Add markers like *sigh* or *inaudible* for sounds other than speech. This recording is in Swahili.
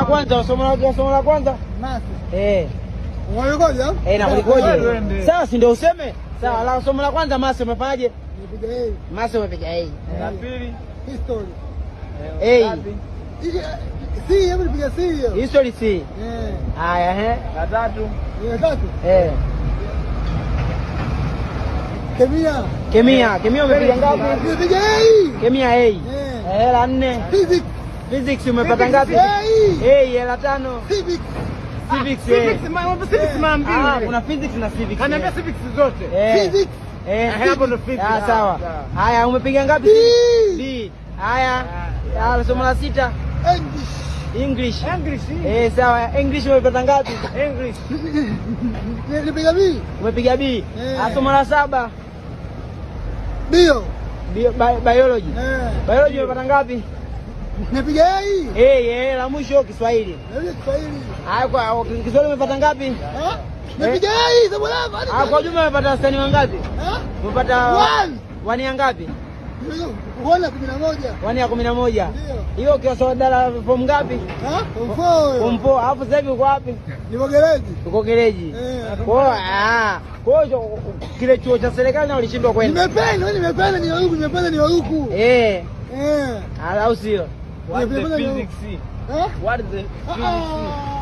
la kwanza, somo la kwanza nakulikoje? Eh. Eh? Eh, sawa, si ndio useme sawa. La somo la kwanza masi umefanyaje? Masi umepiga ei. La pili history ei History si haya eh. La tatu eh, kemia kemia kemia umepiga ngapi? Kemia ei eh. La nne physics Physics umepata ngapi? Eh, hela tano. Civics. Civics. Civics, mambo civics mara Ah, kuna physics na civics. Ananiambia civics zote. Eh. Physics. Eh, ah, hapo ndo physics. Ah, ah sawa. Haya, umepiga ngapi? D. Haya. Ah, somo la sita. English. English. English. Eh, sawa. English umepata ngapi? English. *laughs* Nilipiga B. Umepiga B. Ah, eh. somo la saba. Bio. Biology. Eh. Biology umepata ngapi? Napiga hii. Eh, hey, eh, la mwisho Kiswahili. Ndio Kiswahili. Haya kwa Kiswahili umepata ngapi? Eh? eh? Napiga hii sababu lava. Ah, kwa jumla umepata wasanii wangapi? Eh? Umepata Wani ngapi? Wana kumi na moja. Wania kumi na moja. Hiyo kiwasawadala fomu ngapi? Eh? Fomu four. Fomu four. Alafu sasa hivi uko wapi? Ni Mogereji. Uko gereji. Eh. Kwa hiyo ah, kile chuo cha serikali na ulishindwa kwenda. Nimependa, yaani nimependa ni wahuku, nimependa ni wahuku. Eh. Eh. Ah, au sio? What the physics? What the physics?